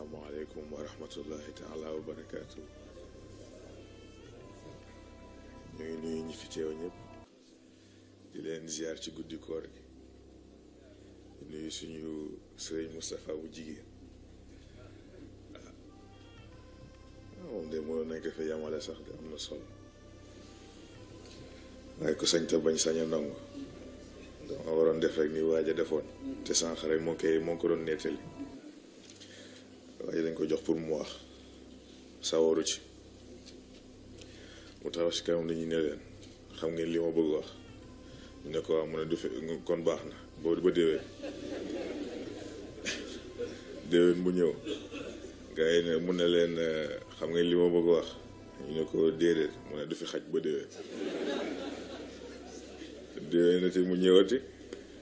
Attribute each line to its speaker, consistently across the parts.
Speaker 1: asalaamaaleykum wa rahmatullahi taala wa barakaatu ñu ngi fi teew ñëpp di leen ziar ci guddi koor gi di nuyu suñu sëriñ Moustapha bu jigéen ah moom de mënoon nañ fa yamale sax de am na sol waaye ku sañ te bañ saña a nangu dama waroon def rek ni waaj a defoon te sànq rek moo koy moo ko doon nettali. waaye dañ ko jox pour mu wax sawaru ci mu taxaw si kanam dañuy ne leen xam ngeen li bëgg wax ñu ne ko waaw mu ne du fe kon baax na boobu ba déwén déwén bu ñëw gars yi ne mu ne leen euh, xam nga li ma bëgg wax ñu ne ko déedéet mu ne du fi xaj ba déwén déwén na te mu ñëwati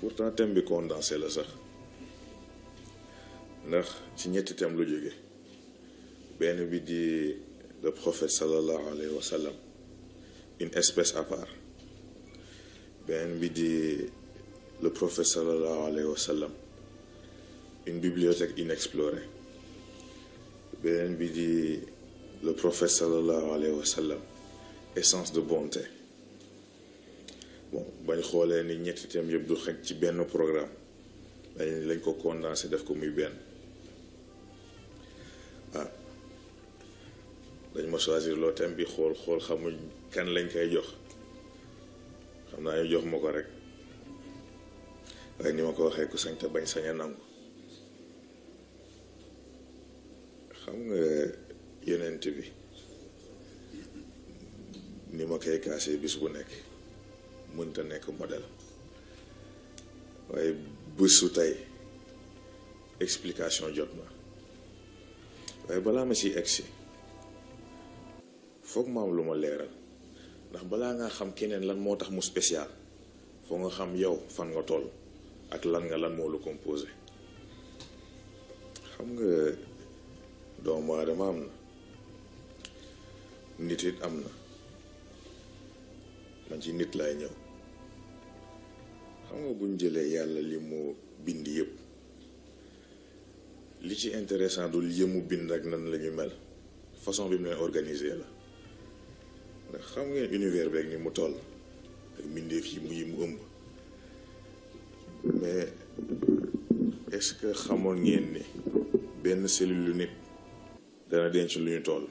Speaker 1: pourtant thème bi condensé la sax ndax ñetti thème lu bi le prophète sallallahu alayhi wa sallam une espèce à part le prophète sallallahu alayhi wa sallam une bibliothèque inexplorée bi le prophète sallallahu alayhi wa sallam essence de bonté bon bañ xoolee ni ñetti thèmes yëpp du xaj ci benn programme dañ lañ ko condensé def ko muy benn ah dañ ma choisir loo thème bi xool xool xamuñ kan lañ koy jox xam naa ñu jox ma ko rek waaye ni ma ko waxee ku sañ te bañ sañ nangu xam nga yonent bi ni ma koy kaasee bis bu nekk mënta nekk modèle waaye bésu tey explication jot ma waaye balaa ma ci egsi fook ma lu ma leeral ndax balaa nga xam keneen lan moo tax mu spécial foo nga xam yow fan nga tool ak lan nga lan moo lu composé xam nga doomu aadama am na nit it am na man ci nit laay ñëw xam nga buñ jëlee yàlla li mu bind yëpp li ci intéressant dul yëmu bind ak nan la ñu mel façon bi mu leen organiser la xam ngeen univers bi rek ni mu toll ak mbindeef yi mu yi mu ëmb mais est-ce que xamoon ngeen ni benn cellule nit dana denc lu toll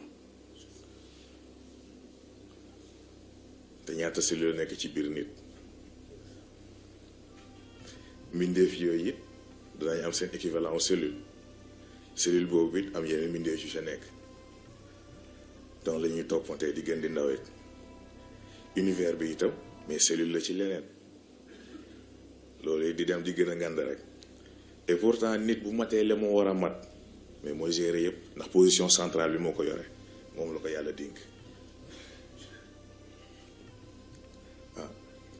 Speaker 1: ñaata cellule nekk ci biir nit mbindeef yooyu it danañ am seen équivalent en cellule cellule boobu it am yeneen mbindeef yu sa nekk donc la ñuy toppantee di gën di ndawet univers bi itam mais cellule la ci leneen loolu di dem di gën a ngànd rek et pourtant nit bu matee la moo war a mat mais mooy gérer yëpp ndax position centrale bi moo ko yore moom la ko yàlla dénk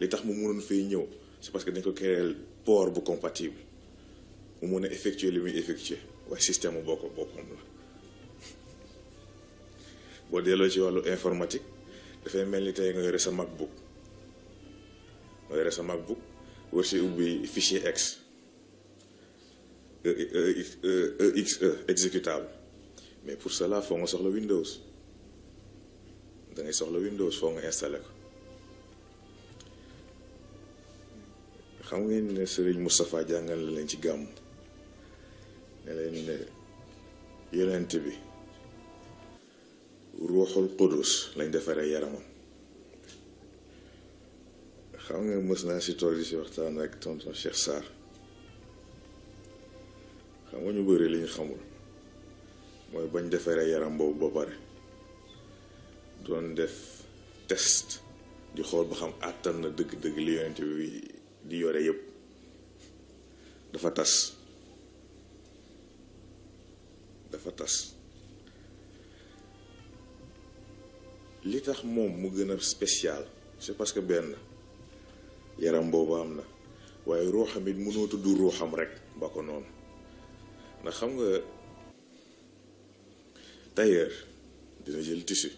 Speaker 1: li tax mu mënoon fay ñëw c'est parce que dañ ko créer port bu compatible mu mën a effectuer li muy effectuer waaye système boo ko boppam la boo delloo ci wàllu informatique dafay mel ni tey nga yore sa MacBook nga yore sa MacBook war si ubbi fichier X exe e, e, e, exécutable mais pour cela faut on nga le Windows da ngay le Windows faut on installé xam ngeen ne sëriñ Moustapha jàngal la leen ci gàmm ne bi ruuxul qudus lañ defaree yaramam nga mës naa si tool yi si waxtaan ak tonton Cheikh Sarr nga ñu bëri li ñu xamul mooy bañ defaree yaram boobu ba pare doon def test di xool ba xam àttan na dëgg-dëgg li yonent bi di yore yépp dafa tas dafa tas li tax moom mu gën a spécial c'est parce que benn yaram hamrek, am na waaye ruuxam it mënoo tudd ruuxam rek ba ko noonu xam nga dina jël tissu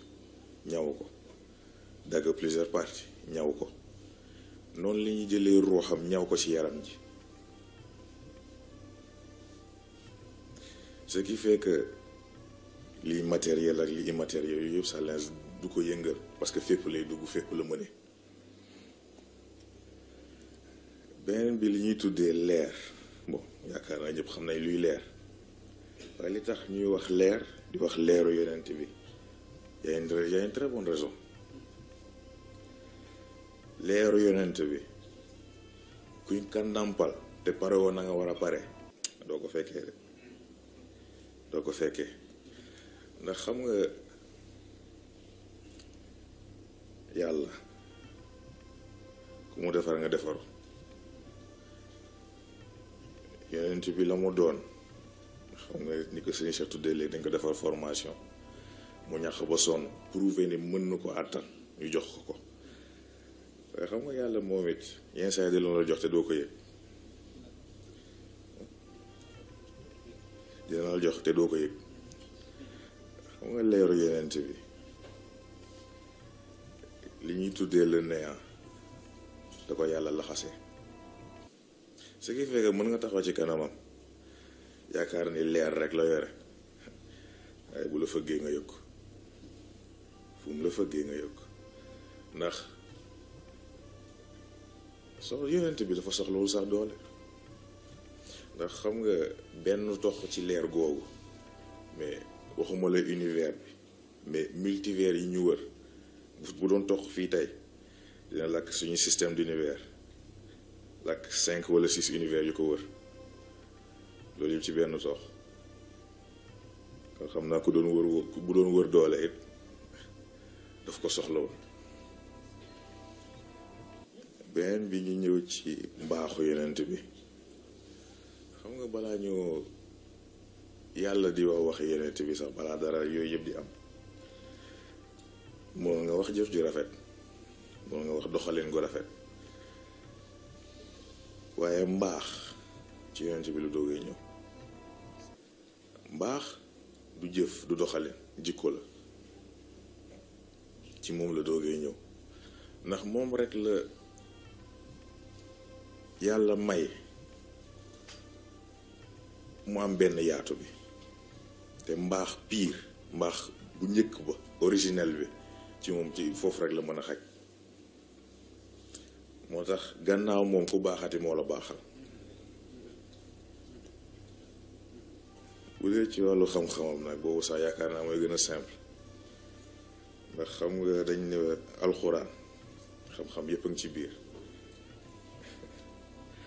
Speaker 1: ñaw ko plusieurs parties ñaw ko non li ñuy jëlé roxam ñaw ko ci yaram ji ce qui fait que li matériel ak li immatériel yooyu yëpp ça linge du ko yëngal parce que fépp lay dugg fépp la mëne beneen bi li ñuy tuddee leer bon yaakaar naa ñëpp xam nañ luy leer waaye li tax ñuy wax leer di wax leeru yonent bi y a une très bonne raison leeru yonent bi kuñ ka te parewoo woon na war a pare doo ko fekkee doo ko fekkee ndax xam nga yàlla ku mu defar nga defaru yonent bi la mu doon xam nga ni ko seen Cheikh tuddee léegi dañ ko defar formation mu ñax ba sonn prouver ni mën na ko àttan ñu jox ko ko waaye xam nga yàlla moom it yenn saa yi di la jox te doo ko yëg dina la jox te doo ko yëg xam nga leeru yenent bi li ñuy tuddee le néant da ko yàlla laxase ce qui fait mën nga taxaw ci kanamam yaakaar ni leer rek la yore waaye bu la fëggee nga yëg fu mu la fëggee nga yëg ndax soxla yonent bi dafa soxla wul sax doole ndax xam nga benn tox ci leer googu mais waxuma la univers bi mais multivers yi ñu wër bu doon tox fii tey dina lakk suñu système d'univers lakk cinq wala six univers yu ko wër loolu yëpp ci benn tox kon xam naa ku doon wër bu doon wër doole it daf ko soxla woon Ben, bi ñu ñëw ci mbaaxu yonent bi xam nga bala ñu yalla di wax wax yonent bi sax bala dara yooyu yëpp di am mo nga wax jëf ju rafet mo nga wax doxalin go rafet waye mbax ci yonent bi lu doogee ñëw mbax du jëf du doxalin jikko la ci moom la doogee ñëw ndax moom rek la yàlla may mu am benn yaatu bi te mbaax pire mbaax bu njëkk ba originel bi ci moom ci foofu rek la mën a xaj moo tax gannaaw moom ku baaxati moo la baaxal bu dee ci wàllu xam-xamam nag boobu sax yaakaar naa mooy gën a simple ndax xam nga dañ ne alxuraan xam-xam yëpp a ci biir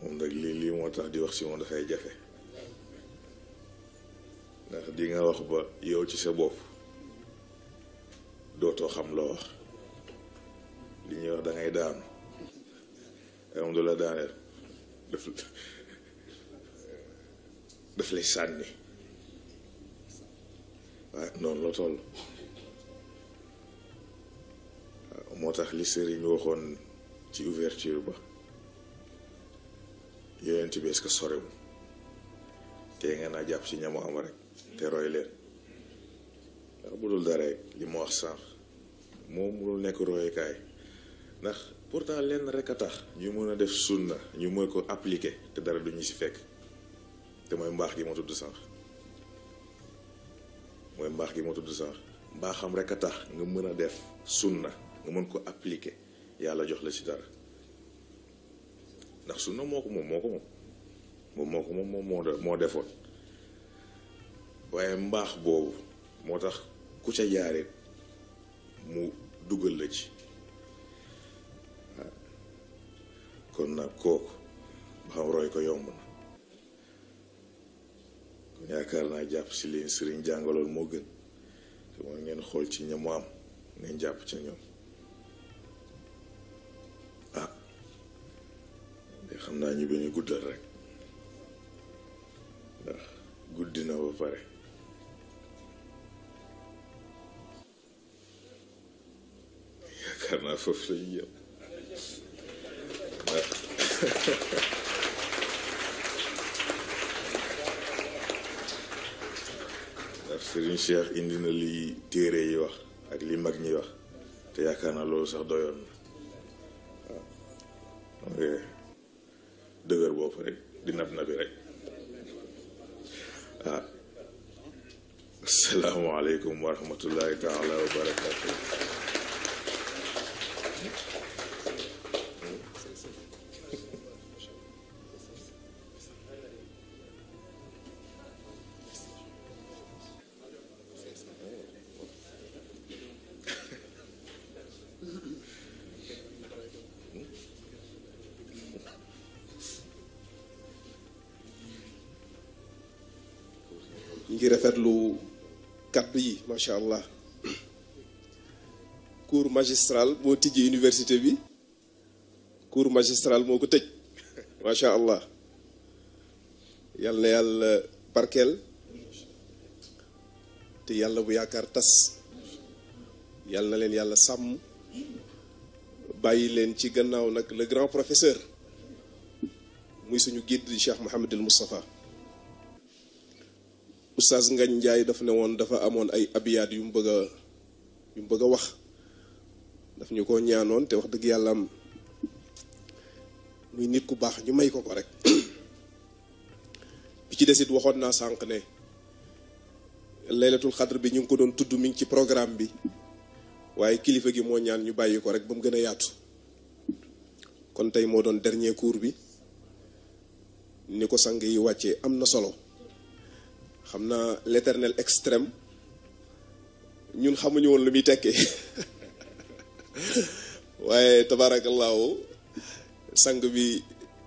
Speaker 1: moom nag lii lii moo tax di wax si moom dafay jafe ndax di nga wax ba yow ci sa bopp dootoo xam loo wax li ñuy wax da ngay daanu moom du la daaneel daf daf lay sànni waaye noonu la toll waaw moo tax li ñu waxoon ci ouverture ba yoyon bi est-ce que te ngeen a jàpp si ñamu am rek te roy leen ndax bu dul dara li mu wax sànq moom munul nekk royukaay ndax pourtant lenn rek a tax ñu mën a def sunna ñu mën ko appliquer te dara duñu si fekk te mooy mbaax gi ma tudd sànq mooy mbaax gi ma tudd sànq mbaaxam rek a tax nga def sunna nga mën ko appliquer yàlla jox la si dara ndax sunna moo ko moom moo ko moom moo ko moom moo defoon waaye mbaax boobu moo tax ku ca jaarit mu dugal la ci kon nag kooku ba xam roy ko yomb na kon yaakaar naa jàpp si liñ sëriñ jàngaloon moo gën te mooy ngeen xool ci ña mu am ngeen jàpp ca ñoom xam naa ñu bañ a guddal rek ndax guddi na ba pare yaakaar naa foofu lañu yem ndax ndax Serigne Cheikh indi na li téere yi wax ak li mag ñi wax te yaakaar naa loolu sax doyoon na waaw rahmatullahi ta'ala wa barakatuh.
Speaker 2: ngi rafetlu kàddu pays, macha allah cours magistral moo université cours magistral mon côté, tëj macha allah yalla, na yàlla yalla te yàlla bu yaakaar tas yalla na leen sam. sàmm bàyyi le grand professeur muy suñu guide Cheikh el Moustapha oustaz Ngagne Ndiaye daf ne woon dafa amoon ay abiyaat yu mu bëgg a yu mu bëgg a wax daf ñu ko ñaanoon te wax dëgg yàlla am muy nit ku baax ñu may ko ko rek bi ci desit waxoon naa sànq ne laylatul xadr bi ñu ngi ko doon tudd mi ngi ci programme bi waaye kilifa gi moo ñaan ñu bàyyi ko rek ba mu gën a yaatu kon tey moo doon dernier cours bi ni ko sang yi wàccee am na solo Nous naa l'éternel extrême ñun xamuñu woon lu muy waaye tabaarakallaahu sang bi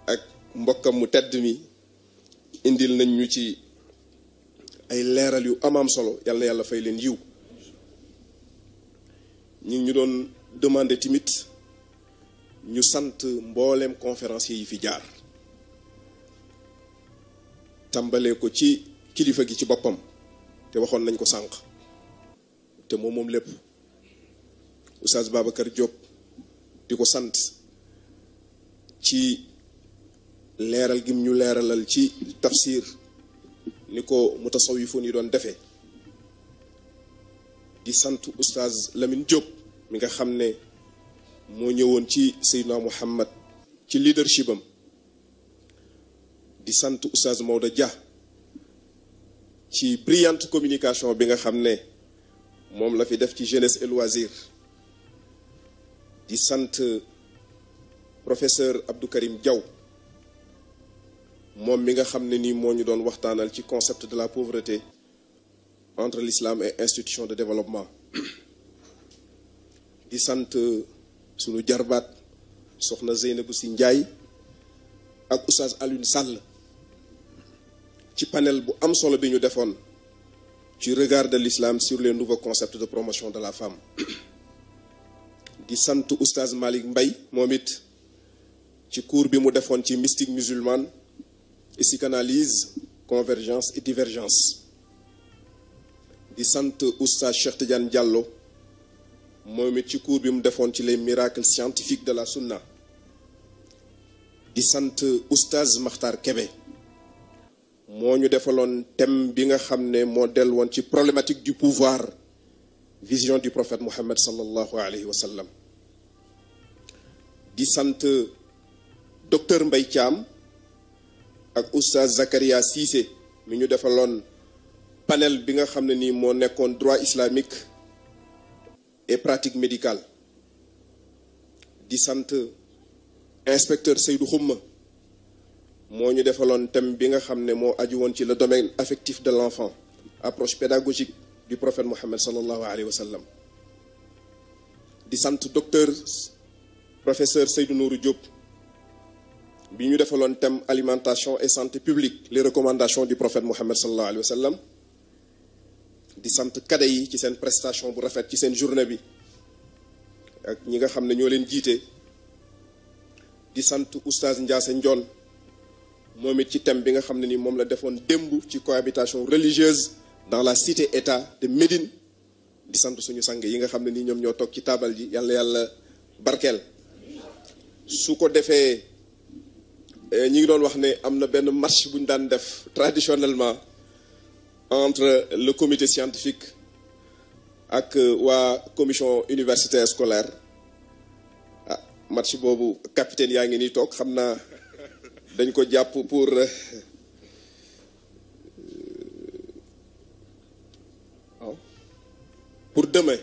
Speaker 2: ak mbokkam mu tedd mi indil nañ ñu ci ay yu solo fay yiw ñu demander ñu conférencier yi fi jaar ko ci kilifa gi ci boppam te waxoon nañ ko sànq te moom moom lépp Oustaz Babacar Diop di ko sant ci leeral gim ñu leeralal ci tafsir ni ko mutasawifun yi doon defee di sant Oustaz Lamine Diop mi nga xam ne moo ñëwoon ci Seydina Muhammad ci leadership am di sant Oustaz Maodo ja ci brillante communication bi nga été la jeunesse et loisir di professeur Abdou Karim Diaw mom mi nga xamné concept de la pauvreté entre l'islam et institution de développement di sante sunu jarbat soxna Zainabou ak Oustaz de ci panel bu am solo bi ñu defoon ci regard de l'islam sur les nouveaux concepts de promotion de la femme di sant oustaz Malik Mbaye momit ci cours bi mu defoon ci mystique musulmane et psychanalyse convergence et divergence di sant oustaz Cheikh Tidiane Diallo momit ci cours bi mu defoon ci les miracles scientifiques de la sunna di sant oustaz Makhtar Kebé moo ñu defaloon thème bi nga xam ne moo del ci problématique du pouvoir vision du prophète Mohammed sallallahu alayhi wa sallam di sant docteur Mbaye Thiam ak oustaz Zakaria Cissé mi ñu defaloon panel bi nga xam ne nii moo nekkoon droit islamique et pratique médicale di inspecteur Seydou Xumma moo ñu defaloon thème bi nga xamné mo aju ci le domaine affectif de l'enfant approche pédagogique du prophète Mohammed sallallahu alayhi wa sallam di sante docteur professeur Seydou Nourou Diop bi ñu défalon thème alimentation et santé publique les recommandations du prophète Mohammed sallallahu alayhi wa sallam di sante kade yi ci sen prestation bu rafet ci sen journée bi ak ñi nga xamné ñoleen jité di sante oustaz Ndiasse Ndione moom ci thème bi nga xamné ni mom la defoon dembu ci cohabitation religieuse dans la cité état de Médine di sante suñu sangé yi nga xamné ni ñom ñoo tok ci table ji yalla yalla barkel su ko eh, ñi ngi doon wax ne amna marche def traditionnellement entre le comité scientifique ak euh, wa commission universitaire scolaire ah marche capitaine yaa ngi tok toog dañ ko jàpp pour euh, euh, pour demain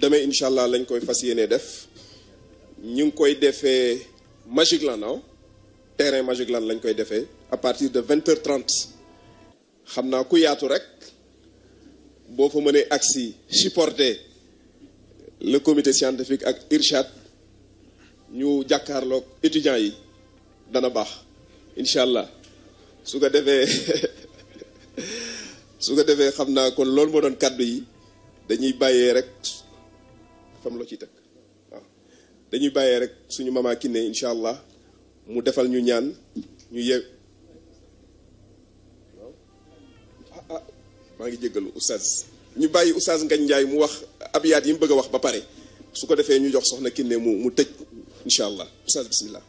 Speaker 2: demain incha allah lañ koy fas yéene def ñu ngi koy defee Magicland non terrain Magicland lañ koy defee à partir de 20h30. xam naa ku yaatu rek boo fa mënee agsi supporter le comité scientifique ak irshad ñu jàkkaarloog étudiants yi. dana baax incha allah su ko defee su ko defee xam naa kon loolu moo doon kàddu yi dañuy bàyyee rek fam loo ciy teg waaw dañuy bàyyee rek suñu mama Kiné incha allah mu defal ñu ñaan ñu yeew ah, ah maa ngi jéggalu oustaz ñu bàyyi oustaz Ngagne Ndiaye mu wax abiyaat yi mu bëgg a wax ba pare su ko defee ñu jox soxna Kiné mu mu tëj incha allah oustaz bismillah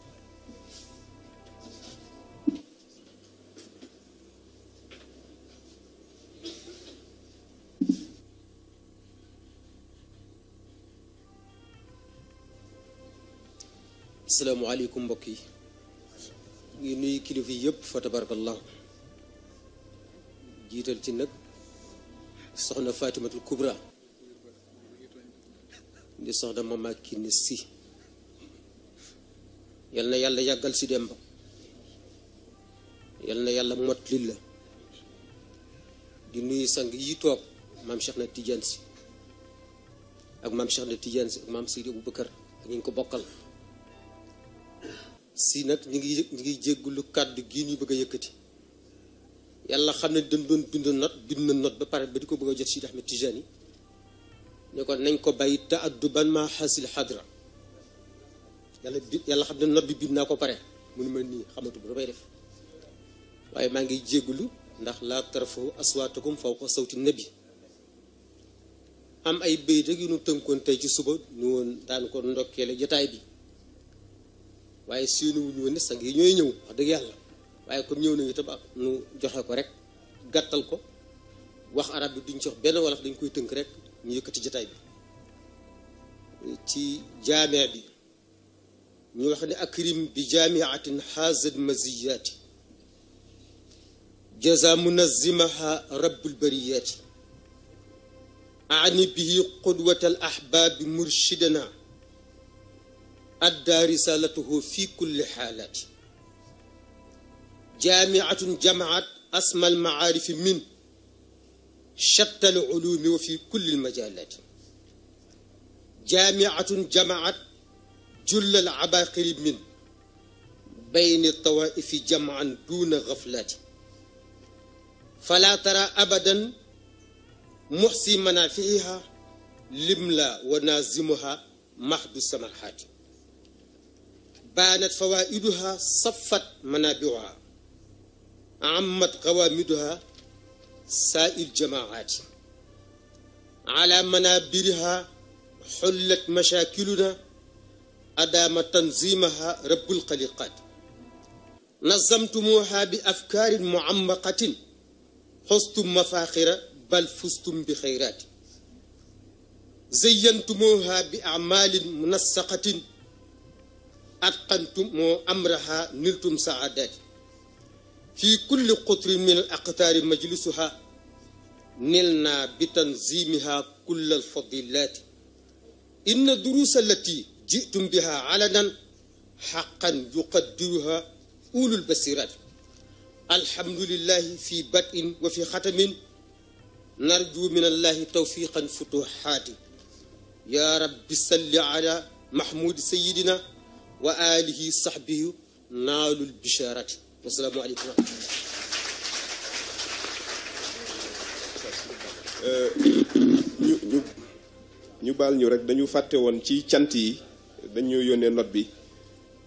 Speaker 3: السلام عليكم بكي ني كليفي ييب فا تبارك الله جيتال تي نك سخنا فاطمه الكبرى دي سخنا ماما كينسي يالنا يالا ياغال سي ديمبا يالنا يالا موت ليلا دي نوي سانغ يي مام شيخنا تيجانسي اك مام شيخنا تيجانسي مام سيدي ابو بكر نينكو بوكال si nag ñu ngi ñu ngi jéggulu kàddu gi ñu bëgg a yëkkati yàlla xam ne dañ doon bind not bind na not ba pare ba di ko bëgg a jot si Ahmed Tijani ne ko nañ ko bàyyi te addu ban maa xasil xadra yàlla bi yàlla xam ne not bi bind naa ko pare munu ma nii xamatu bu damay def waaye maa ngi jéggulu ndax laa tarfahu aswaatakum fawqa sawti nabi am ay béy rek yu nu tënkoon tey ci suba ñu woon daan ko ndokkeele jotaay bi waaye séenu wu ñu woon ne sang yi ñooy ñëw wax dëgg yàlla waaye comme ñëw nañu tam nu joxe ko rek gàttal ko wax arab bi duñ jox benn wolof dañ koy tënk rek ñu yëkkati jotaay bi ci jaamia bi ñu wax ne akrim bi jaamiatin xaazat maziyaati jaza munazimaha rabbul bariyaati ani bihi qudwata al ahbaabi murshidana أدى رسالته في كل حالات جامعة جمعت أسمى المعارف من شتى العلوم وفي كل المجالات جامعة جمعت جل العباقر من بين الطوائف جمعا دون غفلات فلا ترى أبدا محصي منافعها لملا ونازمها محد السماحات بانت فوائدها صفت منابعها عمت قوامدها سائر الجماعات على منابرها حلت مشاكلنا أدام تنظيمها رب القلقات نظمتموها بأفكار معمقة حصتم مفاخرة بل فزتم بخيرات زينتموها بأعمال منسقة أتقنتم أمرها نلتم سعاداتي في كل قطر من الأقطار مجلسها نلنا بتنظيمها كل الفضيلات إن الدروس التي جئتم بها علنا حقا يقدرها أولو البصيرات الحمد لله في بدء وفي ختم نرجو من الله توفيقا فتوحات يا رب صل على محمود سيدنا wa alihi sahbihi naalul bisharati wasalaamu
Speaker 2: euh, ñu ñu ñu baal ñu rek dañu faté won ci cant yi dañu yone note bi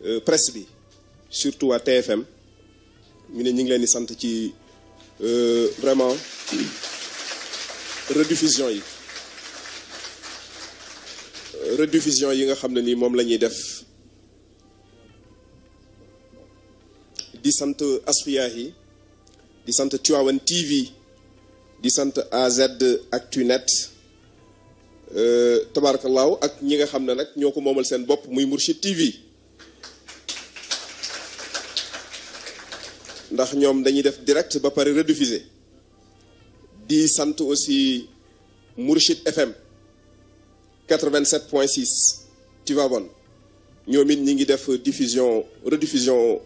Speaker 2: euh, presse bi surtout waa TFM ñu ne ñu ngi leen di sant ci euh, vraiment rediffusion yi euh, rediffusion yi nga xamné ni mom lañuy def di sant Asfiyahi di sant TV di sant AZ Actunet euh, Tamar ak ñi nga xamne nak ñoko momal sen bop muy TV ndax ñom dañuy def direct ba pare rediffuser di sant aussi Mourchid FM 87.6 tu 6 Tivaouane ñoom ñi ngi def diffusion rediffusion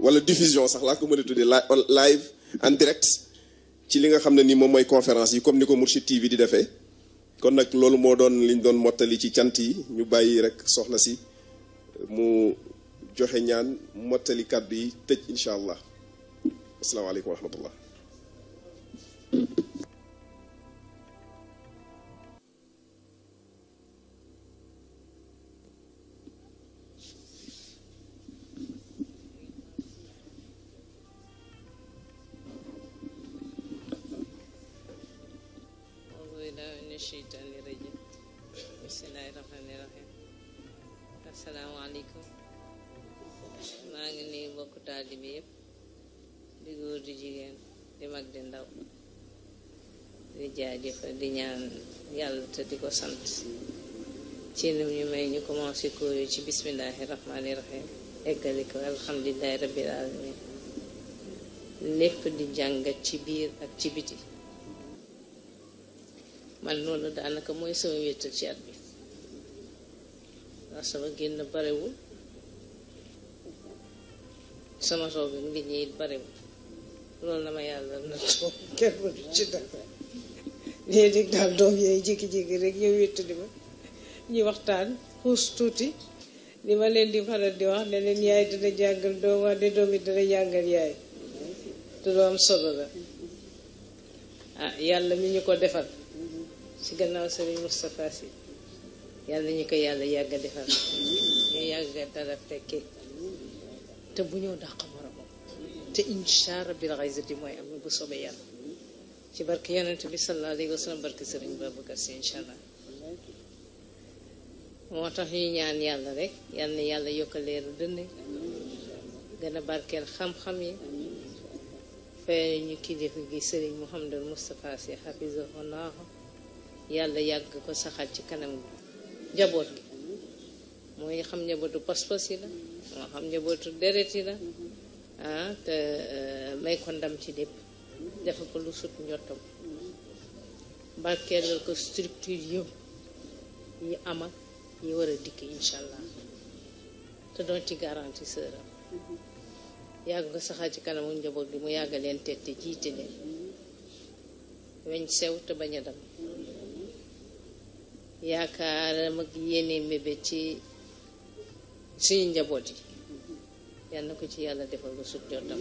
Speaker 2: wala diffusion sax laa ko mën a tuddee live en direct ci li nga xam ne ni moom mooy conférence yi comme ni ko Mourchid TV di defee kon nag loolu moo doon liñ doon mottali ci cant yi ñu bàyyi rek soxna si mu joxe ñaan mottali kàddu yi tëj incha allah asalaamaaleykum wax rahmatullah
Speaker 4: jaajëfal di ñaan yàlla te di ko sant ci lim ñu may ñu commencé kóor ci bismillahi rahmaani rahim eggali ko alhamdulilahi rabbil alamin lépp di jàngat ci biir ak ci biti man loolu daanaka mooy sama wéttal ci at bi ndax sama génn barewul sama toog ak nit ñi it barewul loolu dama yàlla na toog kenn ci dara léeg-léeg daal doom yooyu jiki jékki rek ñëw wéttali ma ñu waxtaan xuus tuuti li ma leen di faral di wax ne leen yaay dina jàngal doom wax ne doom yi dina jàngal yaay te lu am solo la ah yàlla mi ñu ko defal si gannaaw sëriñ Moustapha Sy yàlla ñu ko yàlla yàgg a defal ñu yàgg a dara fekkee te bu ñëw dàq moromam te incha rabbil izzati mooy am na bu soobee yàlla ci barke yonent bi sallallahu alayhi wa sallam barke sëriñ Babacar si incha allah moo tax yi ñaan yàlla rek yal yàlla yokk leeru dënn gën a barkeel xam-xam yi fay ñu kilifa bi sëriñ Mouhamadou Moustapha si hafizahu llahu yàlla yàgg ko saxaat ci kanam njaboot gi mooy xam njabootu pas-pas yi la moo xam njabootu deret yi la ah te euh, may ko ndam ci lépp defal ko lu sut njottam barkeelal ko structure yëpp yi am ak yi war a dikk incha allah te doon ci garanti sëram yàgg nga saxaar ci kanamu njaboot bi mu yàgg leen tette jiite leen weñ sew te bañ a dam yaakaaram ak yéene mébé ci suñu njaboot yi yal ko ci yàlla defal ko sut njottam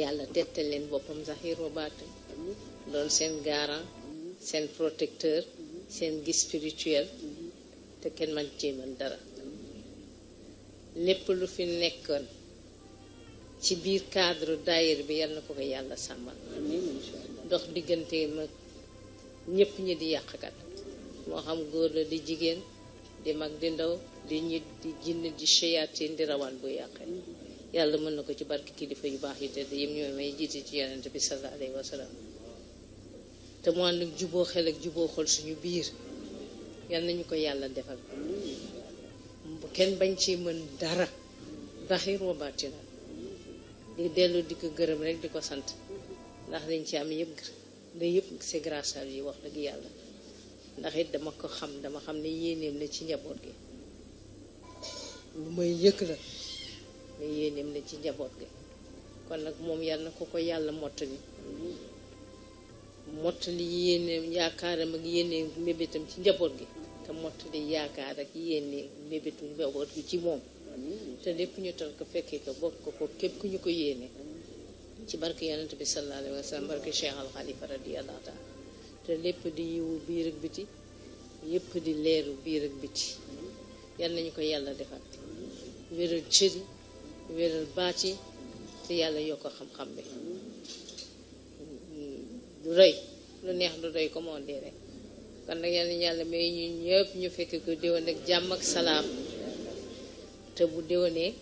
Speaker 4: yàlla tettal leen boppam zahiru baatin doon seen garant seen protecteur seen guide spirituel te kenn man ci mën dara lépp lu fi nekkoon ci biir cadre daayir bi yal na ko ko yàlla sàmmal dox diggante mag ñépp ñi di yàqkat moo xam góor la di jigéen di mag di ndaw di ñi di jinn di shayatin di rawaan bu yàqee yàlla mën na ko ci barke kilifa yu baax yi te yéen ñooy may jiite ci yonent bi sallallahu wa sallam te mu ànd ak juboo xel ak juboo xol suñu biir yal nañu ko yàlla defal kenn bañ ci mën dara zahir wa batina di dellu di ko gërëm rek di ko sant ndax dañ ci am yëpp da yëpp c'est grâce à wax dëgg yàlla ndax it dama ko xam dama xam ne yéeneem la ci njaboot gi lu may yëkk la ne yéeneem ne ci njaboot gi kon nag moom yàlla na ko ko yàlla mottali mottali yéeneem yaakaaram ak yéeneem mébétam ci njaboot gi te mottali yaakaar ak yéene mébétu njaboot gi ci moom te lépp ñu tal ko fekkee ko bokk ko ko képp ku ñu ko yéene ci barke yonent bi sallallahu alayhi wa sallam barke Cheikh Al te lépp di yiwu biir ak biti yépp di leeru biir ak biti yal nañu ko yàlla defal wéral cëri wéral baati te yàlla yokk xam-xam bi du rëy lu neex du rëy comme on yàlla may ñu ñëpp ñu fekk ko déwén ak jàmm ak salaam te bu déwénee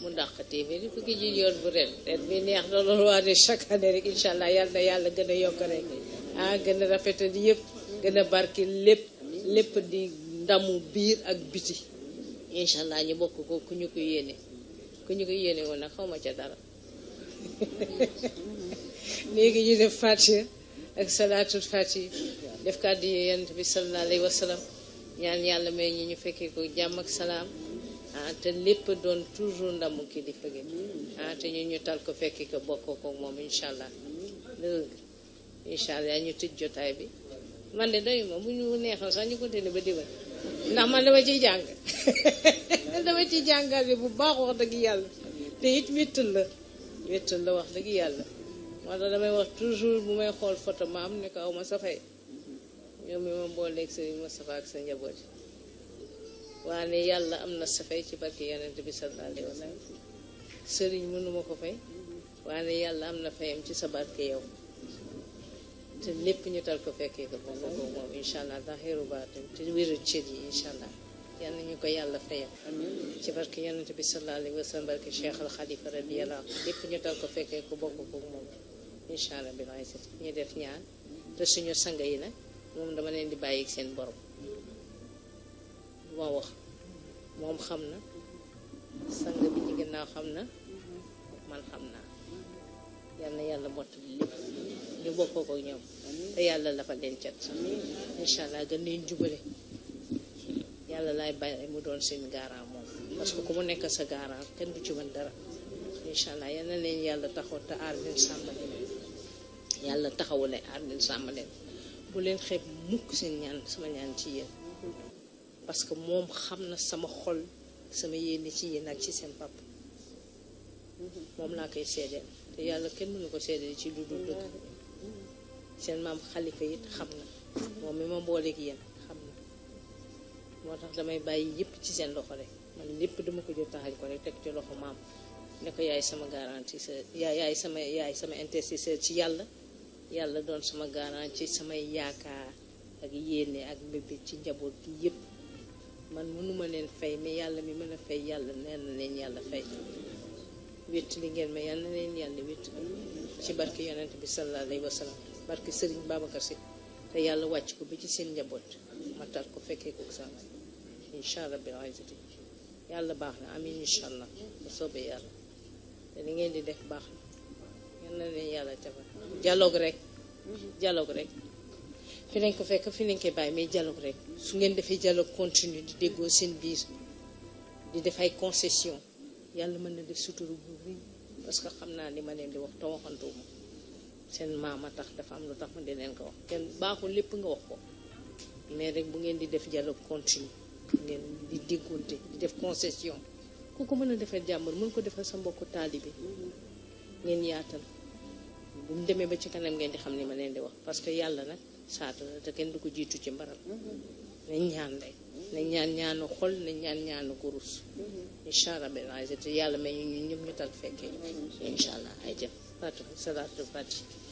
Speaker 4: mu dàq téeméeri fukki ji yoon bu ren ren bi neex na loolu waa ne chaque rek incha allah yal yàlla gën a yokk rek ah gën a rafetal yëpp gën a barki lépp lépp di ndamu biir ak biti incha allah ñu bokk ko ku ñu ko yéene. ko ñu ko yéene woon nag xaw ma ca dara léegi ñu def fatiha ak salaatul fatiha def kàddu yi yonent bi sallallahu alayhi wa salaam ñaan yàlla may ñu ñu fekkee ko jàmm ak salaam ah te lépp doon toujours ndamu kilifa gi ah te ñu ñu tal ko fekki ko bokk ko moom incha allah dëgg incha allah ñu tëj jotaay bi man de doyuma bu ñu neexoon sax ñu continuer ba diwén. ndax man dama ci jàng dama ciy jàngale bu baax wax dëgg yàlla te it wéttal la wéttal la wax dëgg yàlla walla damay wax toujours bu may xool foto ma am ne aw ma sa fay ñoom mi ma booleeg Serigne Moustapha sa njaboot waa yàlla am na sa ci barke yonent mënuma ko fay waa ne yàlla am na fayam ci sa barke yow te lépp ñu tal ko fekkee ko ba mu moom incha allah ndax xeeru baatin te wéru cër yi incha allah yal na ñu ko yàlla fayal ci barke yonent bi sallallahu alayhi wa sallam barke Cheikh al Khalifa radiyallahu lépp ñu tal ko fekkee ko bokk ko moom incha allah bi laay set ñu def ñaan suñu sang yi nag moom dama leen di bàyyi seen borom xam na xam na man xam naa yal na yàlla mott bi lépp ñu bokkoo ko ñoom te yàlla la fa leen cat incha allah gën leen jubale yàlla laay bàyyi mu doon seen gaaraan moom parce ku mu nekk sa gaaraan kenn du ci mën dara incha allah yal na leen yàlla taxaw te aar leen sàmm leen yàlla taxawu leen aar leen leen bu leen xeeb mukk seen ñaan sama ñaan ci yéen parce que moom xam na sama xol sama yéene ci yéen ak ci seen pap moom laa koy seedeel te yàlla kenn mënu ko seedeel ci lu dul dëgg seen maam xalifa yit xam na moom mi ma booleeg yéen xam na moo tax damay bàyyi yëpp ci seen loxo rek man lépp dama ko jël taxañ ko rek teg ci loxo maam ne ko yaay sama garantie sa yaay sama yaay sama intercesseur ci yàlla yàlla doon sama garantie samay yaakaar ak yéene ak mbébé ci njaboot gi yëpp man mënuma leen fay mais yàlla mi mën a fay yàlla nee na leen yàlla fay wétt li ngeen ma yàlla na leen yàlla wétt ci barke yonent bi sallallahu alayhi wa sallam barke Serigne Babacar Sy te yàlla wàcc ko ba ci seen njaboot matar ko fekkee ko saa incha allah bi izzati yàlla baax na amin incha allah bu soobee yàlla te li ngeen di def baax na yal na leen yàlla tafal dialogue rek dialogue rek fi lañ ko fekk fi lañ koy bàyyi mais dialogue rek su ngeen defee dialogue continue di déggoo seen biir di def ay concession yàlla mën na def suturu bu parce que xam naa ni ma leen di wax te seen maama tax dafa am lu tax mu di leen ko wax kenn baaxul lépp nga wax ko mais rek bu ngeen di def dialogue continue ngeen di déggoonte di def concession ku ko mën a defee jàmbur mun ko defal sa mbokku taalibe ngeen yaatal bu mu demee ba ci kanam ngeen di xam ne ma leen di wax parce que yàlla nag saatu la kenn du ko jiitu ci mbaram nañ ñaan rek nañ ñaan ñaanu xol nañ ñaan ñaanu kurus mm-hmm. incha allah benn te yàlla may ñu ñun ñu tal fekkee mm-hmm. incha allah ay jëm that's Sebastian Patrick.